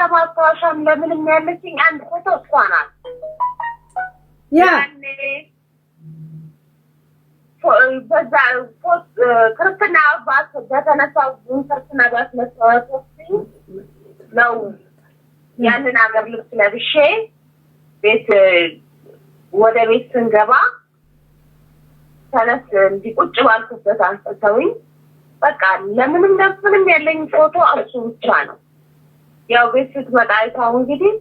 ለማስታወሻም ለምንም ያለችኝ አንድ ፎቶ እሷ ናት። ያ በዛ ክርስትና አባት በተነሳው ክርስትና አባት መሰዋቶች ነው ያንን ሀገር ልብስ ለብሼ ቤት ወደ ቤት ስንገባ ተነስ እንዲቁጭ ባልኩበት አንስተውኝ በቃ ለምንም ለምንም ያለኝ ፎቶ እሱ ብቻ ነው። ያው ቤት ስትመጣ አይታው እንግዲህ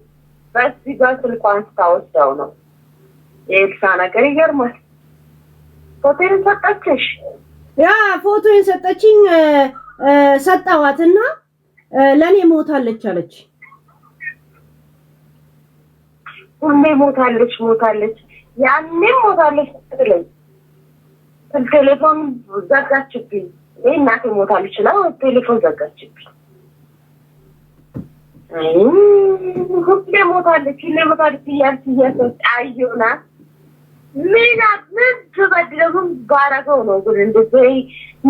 በዚህ ጋር ስልኳን ስታወስደው ነው የኤልሳ ነገር ይገርማል። ፎቶን ሰጠችሽ? ያ ፎቶን ሰጠችኝ ሰጠዋትና ለእኔ ሞታለች አለች። ሁሌ ሞታለች ሞታለች፣ ያኔም ሞታለች ስትለኝ ቴሌፎን ዘጋችብኝ። ይህ እናቴ ሞታለች ላ ቴሌፎን ዘጋችብኝ። ሁሌ ሞታለች ሁሌ ሞታለች እያልሽ እያሰጫየውና ምን ምን ትበድለው ምን ባረገው ነው ግን እንደዚህ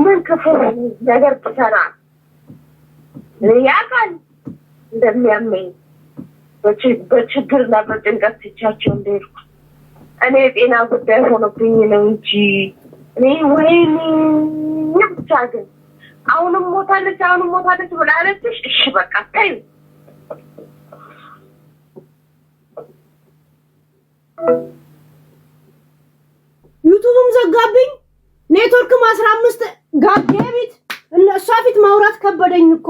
ምን ክፉ ነገር ብሰናል ያውቃል እንደሚያመኝ በችግርና በጭንቀት ትቻቸው እንደሄድኩ እኔ የጤና ጉዳይ ሆኖብኝ ነው እንጂ እኔ ወይኔ ብቻ ግን አሁንም ሞታለች አሁንም ሞታለች ብላለችሽ እሺ በቃ ተይው ዩቱብም ዘጋብኝ፣ ኔትወርክም አስራ አምስት ጋቤ ቤት ፊት ማውራት ከበደኝ እኮ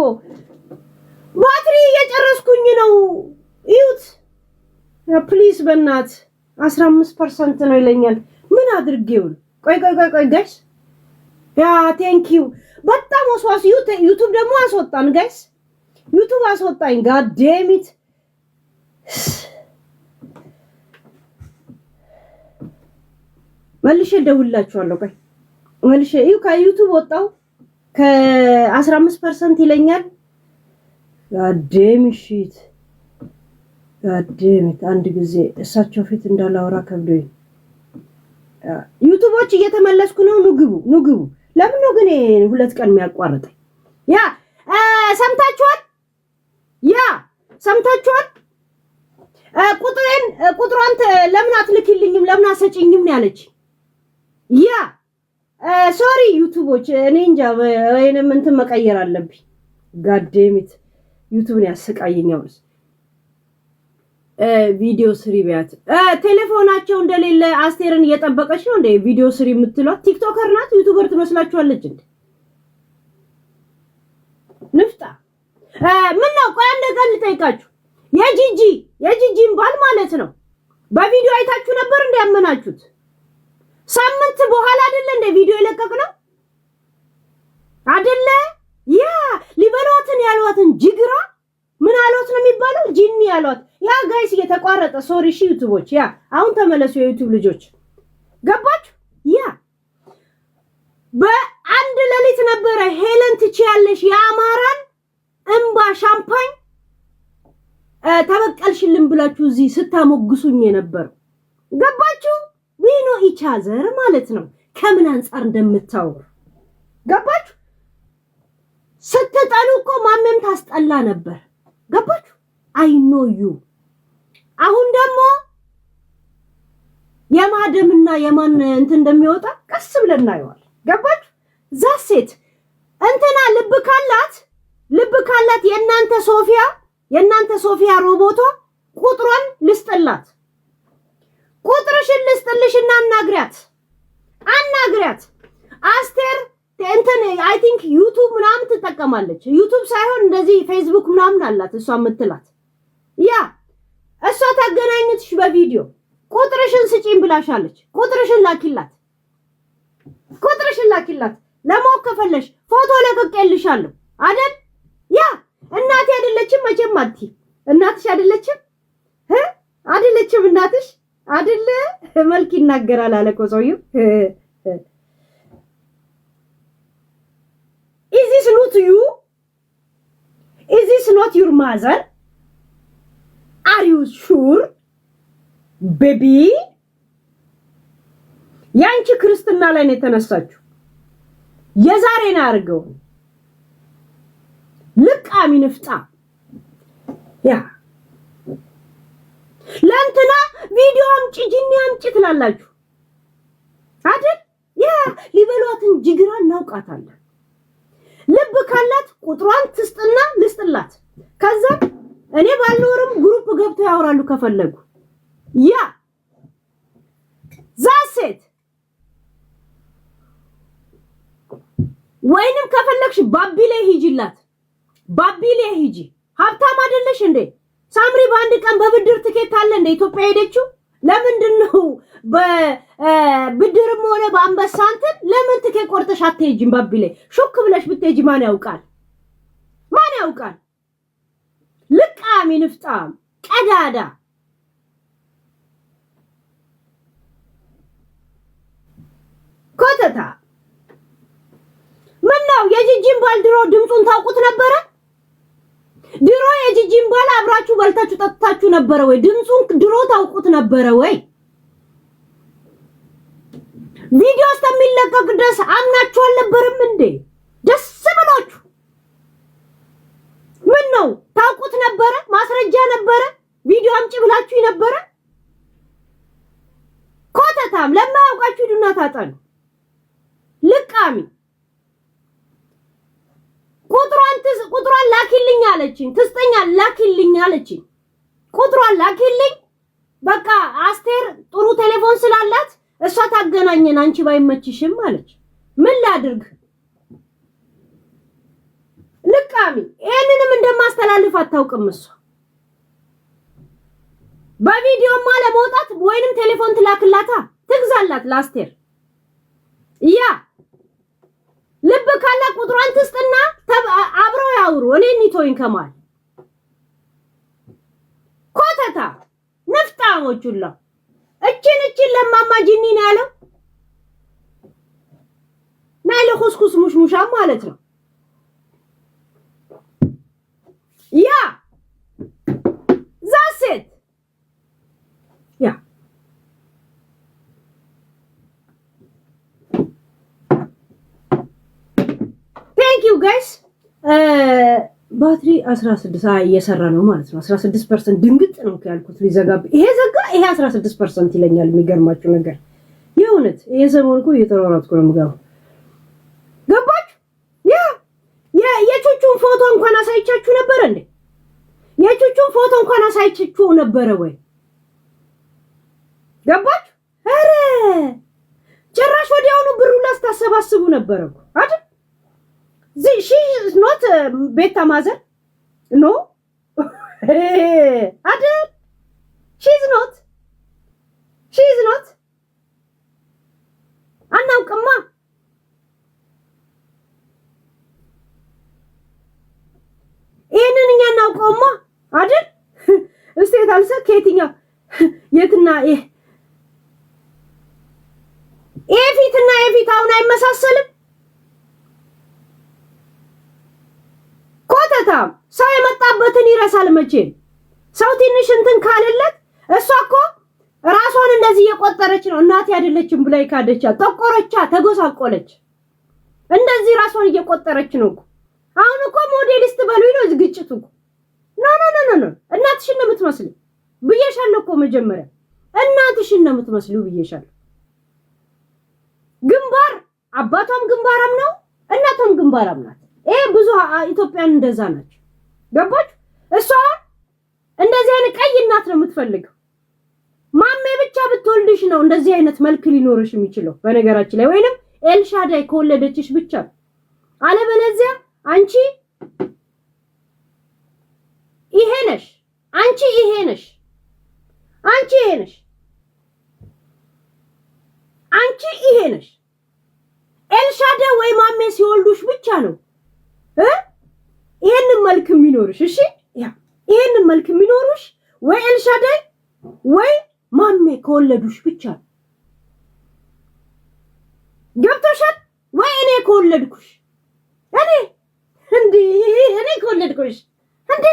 ባትሪ እየጨረስኩኝ ነው። ይዩት ፕሊስ በእናት አስራ አምስት ፐርሰንት ነው ይለኛል። ምን አድርጌውን? ቆይ ቆይ ቆይ ቆይ ጋይስ ያ ቴንኪው በጣም ወስዋስ። ዩቱብ ደግሞ አስወጣን ጋይስ፣ ዩቱብ አስወጣኝ ጋዴሚት መልሼ እደውልላችኋለሁ። ቆይ መልሼ እዩ። ከዩቱብ ወጣው ከ15 ፐርሰንት ይለኛል። ጋዴም ሽት ጋዴም አንድ ጊዜ እሳቸው ፊት እንዳላወራ ከብዶኝ። ዩቱቦች እየተመለስኩ ነው። ንግቡ ንግቡ። ለምን ነው ግን ሁለት ቀን የሚያቋርጠኝ? ያ ሰምታችኋል፣ ያ ሰምታችኋል። ቁጥሬን ቁጥሯን ለምን አትልክልኝም? ለምን አሰጭኝም ነው ያለች ያ ሶሪ ዩቱቦች እኔ እንጃ ወይንም እንትን መቀየር አለብኝ። ጋዴሚት ዩቱብን ያሰቃየኝ። አሁንስ ቪዲዮ ስሪ ቢያት ቴሌፎናቸው እንደሌለ አስቴርን እየጠበቀች ነው እንደ ቪዲዮ ስሪ የምትሏት ቲክቶከር ናት። ዩቱበር ትመስላችኋለች እንዴ? ንፍጣ ምን ነው? ቆይ አንድ ቀን ልጠይቃችሁ። የጂጂ የጂጂን ባል ማለት ነው በቪዲዮ አይታችሁ ነበር እንዲያመናችሁት ሳምንት በኋላ አይደለ እንደ ቪዲዮ የለቀቅ ነው አይደለ? ያ ሊበሏትን ያሏትን ጅግራ ምን አሏት ነው የሚባለው? ጂኒ ያሏት ያ ጋይስ እየተቋረጠ ሶሪ፣ ሺ ዩቲዩቦች ያ አሁን ተመለሱ የዩቲዩብ ልጆች ገባችሁ? ያ በአንድ ሌሊት ነበረ ሄለን ትችያለሽ የአማራን እምባ ሻምፓኝ ተበቀልሽልን ብላችሁ እዚህ ስታሞግሱኝ የነበረው ቻዘር ማለት ነው። ከምን አንጻር እንደምታወር ገባችሁ? ስትጠሉ እኮ ማንም ታስጠላ ነበር። ገባችሁ? አይኖዩ አሁን ደግሞ የማደምና የማን እንትን እንደሚወጣ ቀስ ብለን እናየዋል። ገባችሁ? ዛ ሴት እንትና ልብ ካላት ልብ ካላት የእናንተ ሶፊያ የእናንተ ሶፊያ ሮቦቷ ቁጥሯን ልስጥላት ቁጥርሽን ልስጥልሽና አናግሪያት አናግሪያት። አስቴር እንትን አይ ቲንክ ዩቱብ ምናምን ትጠቀማለች። ዩቱብ ሳይሆን እንደዚህ ፌስቡክ ምናምን አላት እሷ የምትላት ያ እሷ ታገናኙትሽ በቪዲዮ ቁጥርሽን ስጪን ብላሻለች። ቁጥርሽን ላኪላት፣ ቁጥርሽን ላኪላት። ለማወቅ ከፈለሽ ፎቶ ለቅቄልሻለሁ አይደል? ያ እናቴ አይደለችም መቼም አትይ እናትሽ አይደለችም እ አይደለችም እናትሽ አድለ መልክ ይናገራል አለ እኮ ሰውዬው። ኢዚስ ኖት ዩ ኢዚስ ኖት ዩር ማዘር አር ዩ ሹር ቤቢ የአንቺ ክርስትና ላይ ነው የተነሳችው። የዛሬን አድርገው ልቃሚ ንፍጣ ያ ለእንትና ቪዲዮ አምጪ ጅኒ አምጪ ትላላችሁ አይደል? ያ ሊበሏትን ጅግራ እናውቃታለን። ልብ ካላት ቁጥሯን ትስጥና ልስጥላት። ከዛ እኔ ባልኖርም ግሩፕ ገብተው ያወራሉ ከፈለጉ። ያ ዛሴት ወይንም ከፈለግሽ ባቢሌ ሂጂላት፣ ባቢሌ ሂጂ። ሀብታም አይደለሽ እንዴ? ሳምሪ በአንድ ቀን በብድር ትኬት አለ እንደ ኢትዮጵያ ሄደችው። ለምንድን ነው በብድርም ሆነ በአንበሳ እንትን ለምን ትኬት ቆርጠሽ አትሄጂም? ባቢ ላይ ሹክ ብለሽ ብትሄጂ ማን ያውቃል? ማን ያውቃል? ልቃሚ ንፍጣም ቀዳዳ ኮተታ ምን ነው የጂጂን ባልድሮ ድምፁን ታውቁት ነበረ? አብራችሁ በልታችሁ ጠጥታችሁ ነበረ ወይ? ድምፁን ድሮ ታውቁት ነበረ ወይ? ቪዲዮ እስከሚለቀቅ ድረስ አምናችሁ አልነበርም እንዴ? ደስ ብሏችሁ ምን ነው ታውቁት ነበረ? ማስረጃ ነበረ? ቪዲዮ አምጪ ብላችሁ ነበረ? ኮተታም ለማያውቃችሁ ሂዱና ታጠኑ ልቃሚ ቁጥሯን ላኪልኝ አለችኝ። ትስጠኛ ላኪልኝ አለችኝ። ቁጥሯን ላኪልኝ። በቃ አስቴር ጥሩ ቴሌፎን ስላላት እሷ ታገናኘን፣ አንቺ ባይመችሽም አለች። ምን ላድርግ ልቃሚ። ይህንንም እንደማስተላልፍ አታውቅም እሷ። በቪዲዮማ ለመውጣት ወይንም ቴሌፎን ትላክላታ፣ ትግዛላት ለአስቴር ያ ልብ ካለ ቁጥሯን ትስጥና አብረው ያውሩ። እኔ ኒቶይን ከማል ኮተታ ነፍጣሞች ሁላ እችን እችን ለማማ ጅኒ ያለው። ናይ ለኩስኩስ ሙሽሙሻ ማለት ነው ያ ባትሪ 16 እየሰራ ነው ማለት ነው። 16 ፐርሰንት ድንግጥ ነው ያልኩት ሊዘጋብ ይሄ ዘጋ፣ ይሄ 16 ፐርሰንት ይለኛል። የሚገርማችሁ ነገር የእውነት ይሄ ሰሞን እኮ እየተሯሯጥኩ ነው የምገባው። ገባችሁ? ያ የቹቹን ፎቶ እንኳን አሳይቻችሁ ነበረ እንዴ? የቹቹን ፎቶ እንኳን አሳይቻችሁ ነበረ ወይ? ገባችሁ? ኧረ ጭራሽ ወዲያውኑ ብሩ ላስታሰባስቡ ነበረ አይደል? ኖት ቤታ ማዘር ኖ አይደል? ሺዝ ኖት ሺዝ ኖት አናውቅማ። ይህንን እኛ እናውቀውማ አይደል? እስቴት አልሰ ከየትኛው የትና ይህ ፊትና የፊት አሁን አይመሳሰልም። በጣም ሰው የመጣበትን ይረሳል መቼም። ሰው ትንሽ እንትን ካለለት እሷ እኮ ራሷን እንደዚህ እየቆጠረች ነው። እናቴ አይደለችም ብላ ካደቻ፣ ጠቆረቻ፣ ተጎሳቆለች። እንደዚህ ራሷን እየቆጠረች ነው እኮ። አሁን እኮ ሞዴሊስት በሉኝ ነው ግጭቱ እኮ። ኖ ኖ ኖ ኖ ኖ እናትሽን ነው ብዬሻለሁ እኮ መጀመሪያ እናትሽን ነው የምትመስለው ብዬሻለሁ። ግንባር አባቷም ግንባራም ነው እናቷም ግንባራም ናት። ይሄ ብዙ ኢትዮጵያን እንደዛ ናቸው። ገባች እሷ እንደዚህ አይነት ቀይ እናት ነው የምትፈልገው። ማሜ ብቻ ብትወልድሽ ነው እንደዚህ አይነት መልክ ሊኖርሽ የሚችለው በነገራችን ላይ ወይንም ኤልሻዳይ ከወለደችሽ ብቻ ነው። አለበለዚያ አንቺ ይሄ ነሽ፣ አንቺ ይሄ ነሽ፣ አንቺ ይሄ ነሽ፣ አንቺ ይሄ ነሽ። ኤልሻዳይ ወይ ማሜ ሲወልዱሽ ብቻ ነው ይሄንን መልክ የሚኖርሽ እሺ፣ ይሄንን መልክ የሚኖርሽ ወይ ኤልሻዳይ ወይ ማሜ ከወለዱሽ ብቻ ነው። ገብቶሻል ወይ? እኔ ከወለድኩሽ እኔ እንዴ እኔ ከወለድኩሽ እንዴ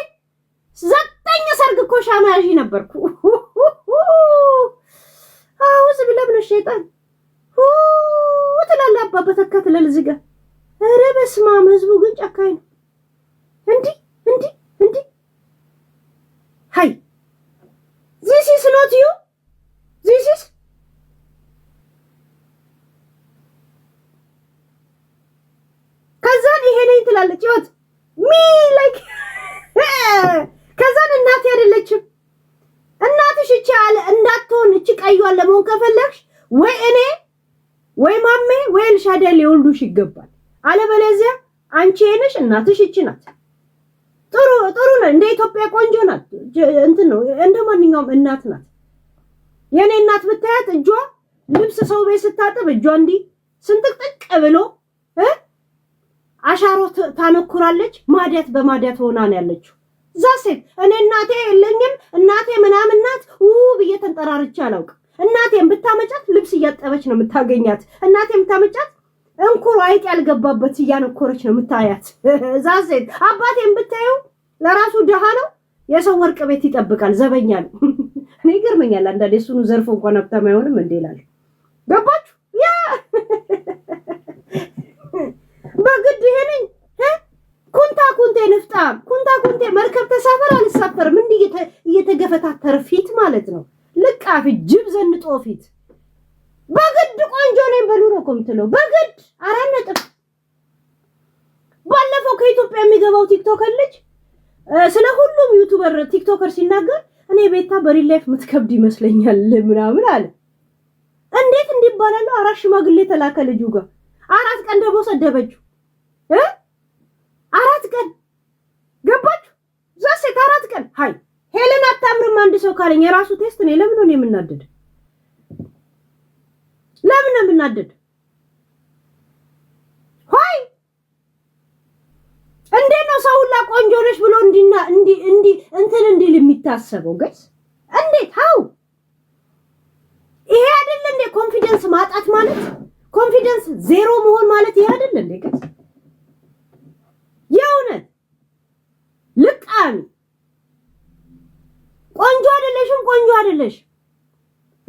ዘጠኝ ሰርግ እኮ ሻማያዥ ነበርኩ። አውዝ ብለህ ብለሽ ሸይጣን ትላለህ። አባ ተከትለል እዚህ ጋር እረ በስመ አብ! ህዝቡ ግን ጨካኝ ነው። እንዲህ እንዲህ እንዲህ ሀይ ዚስ ኖት ዩ ዚስ ከዛን ይሄ ነኝ ትላለች ህይወት ሚ ላይክ ከዛን እናቴ አይደለችም እናትሽ እቺ አለ እንዳትሆን እቺ ቀይዋን ለመሆን ከፈለግሽ ወይ እኔ ወይ ማሜ ወይ ኤልሻዳይ ሊወልዱሽ ይገባል። አለበለዚያ አንቺ የነሽ እናትሽ እቺ ናት። ጥሩ ጥሩ ነው። እንደ ኢትዮጵያ ቆንጆ ናት። እንትን ነው እንደ ማንኛውም እናት ናት። የኔ እናት ብታያት እጇ ልብስ ሰው ቤት ስታጥብ እጇ እንዲህ ስንጥቅጥቅ ብሎ አሻሮ ታነኩራለች። ማዲያት በማዲያት ሆና ነው ያለችው። እዛ ሴት እኔ እናቴ የለኝም እናቴ ምናምን ናት ውብ ብዬ ተንጠራርቼ አላውቅም። እናቴን ብታመጫት ልብስ እያጠበች ነው የምታገኛት። እናቴን ብታመጫት እንኩሮ አይጥ ያልገባበት እያነኮረች ነው የምታያት። ዛዜት ሴት አባቴን ለራሱ ድሃ ነው፣ የሰው ወርቅ ቤት ይጠብቃል፣ ዘበኛ ነው። እኔ ይገርመኛል አንዳንዴ እሱኑ ዘርፎ እንኳን ሀብታም አይሆንም እንዴ ይላል። ገባችሁ? ያ በግድ ይሄ ኩንታ ኩንቴ ንፍጣ ኩንታ ኩንቴ መርከብ ተሳፈር አልሳፈርም እንዲህ እየተገፈታተረ ፊት ማለት ነው ልቃፊት ጅብ ዘንጦ ፊት በግድ ቆንጆ ነኝ በሉ ነው እኮ የምትለው። በግድ አራት ነጥብ። ባለፈው ከኢትዮጵያ የሚገባው ቲክቶከር ልጅ ስለ ሁሉም ዩቱበር ቲክቶከር ሲናገር እኔ ቤታ በሪል ላይፍ የምትከብድ ይመስለኛል ምናምን አለ። እንዴት እንዲባላሉ? አራት ሽማግሌ ተላከ ልጁ ጋር አራት ቀን ደግሞ ሰደበችው። አራት ቀን ገባችሁ ዛሴት አራት ቀን ሀይ ሄለን አታምርም አንድ ሰው ካለኝ የራሱ ቴስት እኔ ለምን ሆነ የምናደድ ለምን ነው የምናደድ? ሆይ እንዴት ነው ሰው ሁላ ቆንጆ ነሽ ብሎ እንዲና እንዲ እንዲ እንትን እንዲል የሚታሰበው? ገይስ እንዴት ሀው ይሄ አይደል እንዴ ኮንፊደንስ ማጣት ማለት ኮንፊደንስ ዜሮ መሆን ማለት ይሄ አይደል እንዴ? ገይስ የእውነት ልቃሚ ቆንጆ አይደለሽም፣ ቆንጆ አይደለሽ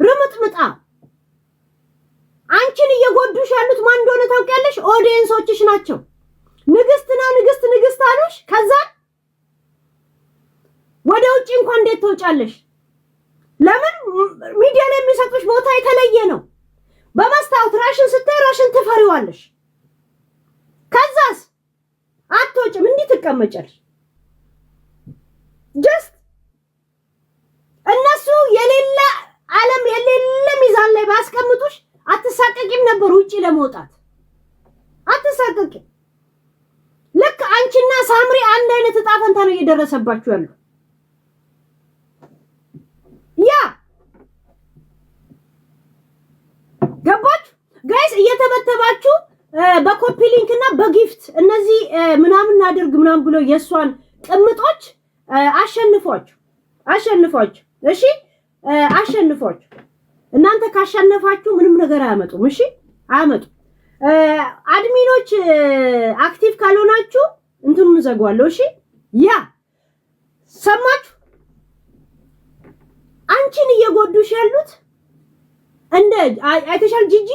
ርምጥምጣ ያሉት ማን እንደሆነ ታውቂያለሽ? ኦዲየንሶችሽ ናቸው። ነው ንግስት ንግስት አሉሽ። ከዛ ወደ ውጭ እንኳን እንዴት ትወጫለሽ? ለምን ሚዲያ ላይ የሚሰጡሽ ቦታ የተለየ ነው። በመስታወት ራሽን ስታይ ራሽን ትፈሪዋለሽ። ከዛስ አትወጭም፣ እንዲህ ትቀመጫለሽ ጀስት ውጪ ለመውጣት አትሳቀቂ። ልክ አንቺና ሳምሪ አንድ አይነት እጣ ፈንታ ነው እየደረሰባችሁ ያለው። ያ ገባችሁ ጋይስ? እየተበተባችሁ በኮፒ ሊንክ እና በጊፍት እነዚህ ምናምን አድርግ ምናምን ብሎ የእሷን ቅምጦች አሸንፏችሁ አሸንፏችሁ። እሺ አሸንፏችሁ። እናንተ ካሸነፋችሁ ምንም ነገር አያመጡም። እሺ አመጡ። አድሚኖች አክቲቭ ካልሆናችሁ እንትኑን ዘጓለሁ። እሺ ያ ሰማችሁ። አንቺን እየጎዱሽ ያሉት እንደ አይተሻል ጂጂ